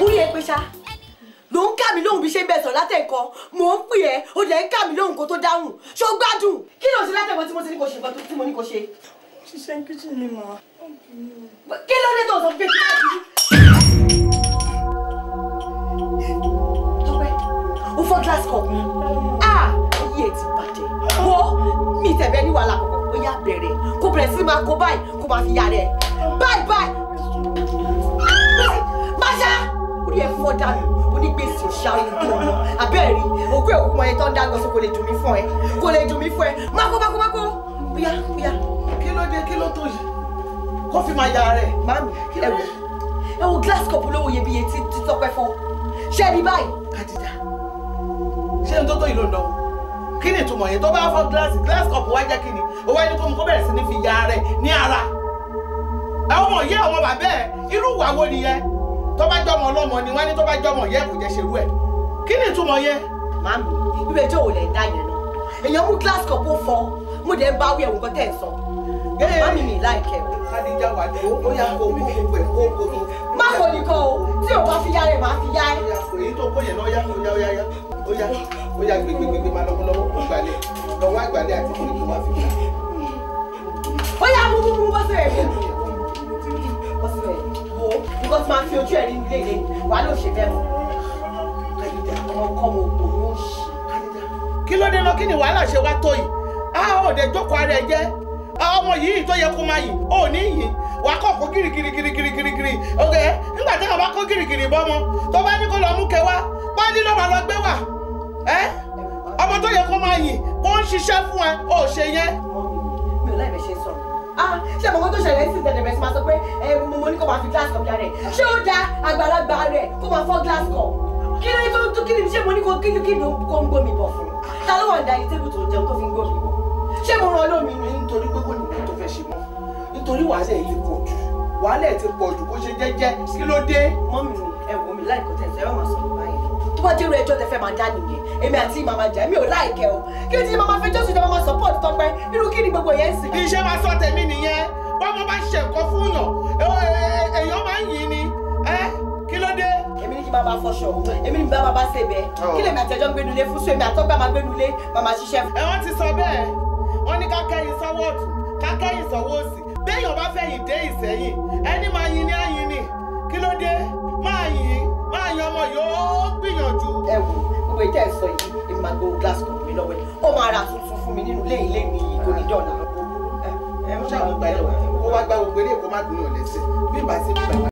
orí ẹ pé ṣá ló ń kà mí lóhùn bí ṣe ń bẹ sọ látẹ̀kọ́ mò ń pè ẹ́ ó jẹ́ ń kà mí lóhùn kó tó dáhùn ṣó gbádùn kí ló ṣe látẹ̀kọ́ tí mo ti ní kò ṣe nǹkan tí mo ní kò ṣe. ṣiṣẹ́ ń kíjì ni mà kí ló dé tó sọ pé kí ló ṣe. tọpẹ o fọ glass cup mi ah iye ti bàjẹ́ wọ́ mi tẹ̀bẹ́ ní wàhálà kọ̀ọ̀kan ó yá bẹ̀rẹ̀ kó bẹ̀rẹ̀ sí máa kó báyìí kó máa fi yára ẹ̀ báyìí báyìí orí ẹ fọ́ dànù onígbèsè òṣàlù gbòòrò abẹ́rẹ́ òkú ẹ̀kú wọn yẹn tó ń dá gbọ́sọ kò lè dùn mí fún ẹ kò lè dùn mí fún ẹ mákó mákó mákó bóyá bóyá. kí ló dé kí ló tó yìí kó fi máa ya rẹ. màmí ẹ wò ẹ wo glass cup olówó iyebíye tí tí tọpẹ fọ ṣé ẹni báyìí. kàdìdà ṣé n tó tó yìí ló ń dánwò kí ni ìtumọ̀ yẹn tó bá fọ glass glass cup wá jẹ́ kí ni òwò ẹni kó mu kó bẹ̀rẹ̀ sí ní fi ya rẹ ní ara. àwọn ọmọ yẹ àwọn bàbá ẹ irú ìwà wo nìyẹn tó bá jọmọ ọlọ́mọ ni wọ́n ní tó bá jọmọ yẹ kò jẹ́ ṣerú ẹ̀ kí ni ìtumọ̀ yẹn. màmí ìbíbẹ̀ tí òun lè yẹn lọ èèyàn mú glass cup ó fọ mo dẹ̀ ń bá wí ẹ̀wọ̀n kan tẹ̀ ń sọ màmí mi láìkẹ́ o. kádìjà wà ní o yà kó mú gbogbo ẹ̀ kó kó tó. má kò ní kọ o tí o bá fi yá rẹ̀ má fi yá ẹ̀. èyí tó kó yẹn lọ yá ó yá ó yá ó yá ó yá gbégbégbé má lọ́wọ́ lọ́wọ́ lọ́wọ́ àgbàlẹ̀ àti kò ní má fi yá. ó yá mú mú mú bọ́sẹ̀ rẹ̀ mú máa fi ojú ẹ̀rí nílé ilé wàá ló ṣe bẹ́ẹ̀ mọ́. kàyídà ọkọ mo kò ní ó ṣe kàyídà. kí ló dé lọ kí ni wàhálà ṣe wá tó yìí a ò dé jókòó ara ẹ jẹ́ ọmọ yìí tó yẹ kó máa yìn ò ní yìn wàá kọ̀ kó girigirigirigirigiri ok nígbà tí wọn bá kó girigiri bọ́mọ tó bá ní kó lọ mú kẹwàá pálí ló máa lọ gbé wà ẹ́ ọmọ tó yẹ kó máa yìn kó ń ṣiṣẹ́ fún ẹ ò ṣe yẹn. mi ò láì bẹ ṣe sọ̀rọ̀ ah ṣé àmọ́ kó tó ṣẹlẹ̀ sí ìtẹ̀lẹ̀ bẹ̀rẹ̀ sí máa sọ pé ẹ máa fi glass cup jáde ṣé ó da àgbàlagbà rẹ̀ kó máa fọ́ glass cup kí ló tó ń tún kí ni ṣé mo ní kó kí ni kí ni kó ń gbómi bọ̀ fún ta ló wà ní dayé tébù tó ń jẹun tó fi ń gbómi bọ̀ ṣé mo rán olómi ni nítorí pé kò ní kó tó fẹ́ ṣe mọ́ nítorí wàhálà yìí pọ̀ jù wàhálà ti pọ̀ jù kó ṣe jẹ́jẹ́ kí ló dé mọ́mì ẹ̀wọ̀n mi láì kọ́tẹ́ ẹ̀fẹ́ wọn sọ báyìí tó bá jẹ́rú ẹjọ́ tẹ fẹ́ máa dá nìyẹn èmi àti màmá jà èmi ò láìkẹ́ o kí ni ti máa fẹjọ́ sùn jẹ́ máa support Tọ́pẹ́ irú kí ni gbogbo yẹn ń sìn. iṣẹ́ máa sọ tèmi tó bá ṣe nǹkan fún yàn èèyàn máa ń yìn ni kí ló dé. èmi ní kí bàbá fọṣọ èmi ní bàbá ṣe bẹ́ẹ̀ kí lèmi àtẹjọ ń gbénulé fún sọ èmi àtọgbà máa gbénulé màmá ṣiṣẹ́. ẹ wọ́n ti sọ bẹ́ẹ̀ wọ́n ní ká kẹ́yìn sọ́wọ́ ọ̀tún ká kẹ́yìn sọ́wọ́ òsì béèyàn bá fẹ́ yìn dé ìsẹ́yìn ẹni máa yìn ní àyìn ni kí ló dé máa yìn máa yìn ọmọ yóò gbìyànjú. ẹ wo gbogbo ìjà ẹ sọ yìí èmi máa mi lọ́wọ́ ẹ̀ ó máa ra tuntun fún mi nínú ilé ilé mi yìí ẹ ń ṣàwọn gbalẹ̀ wá kó wá gbá gbogbo eré kó má gbóyàn lẹ́sẹ̀ bí ìbá sí bí bàbá.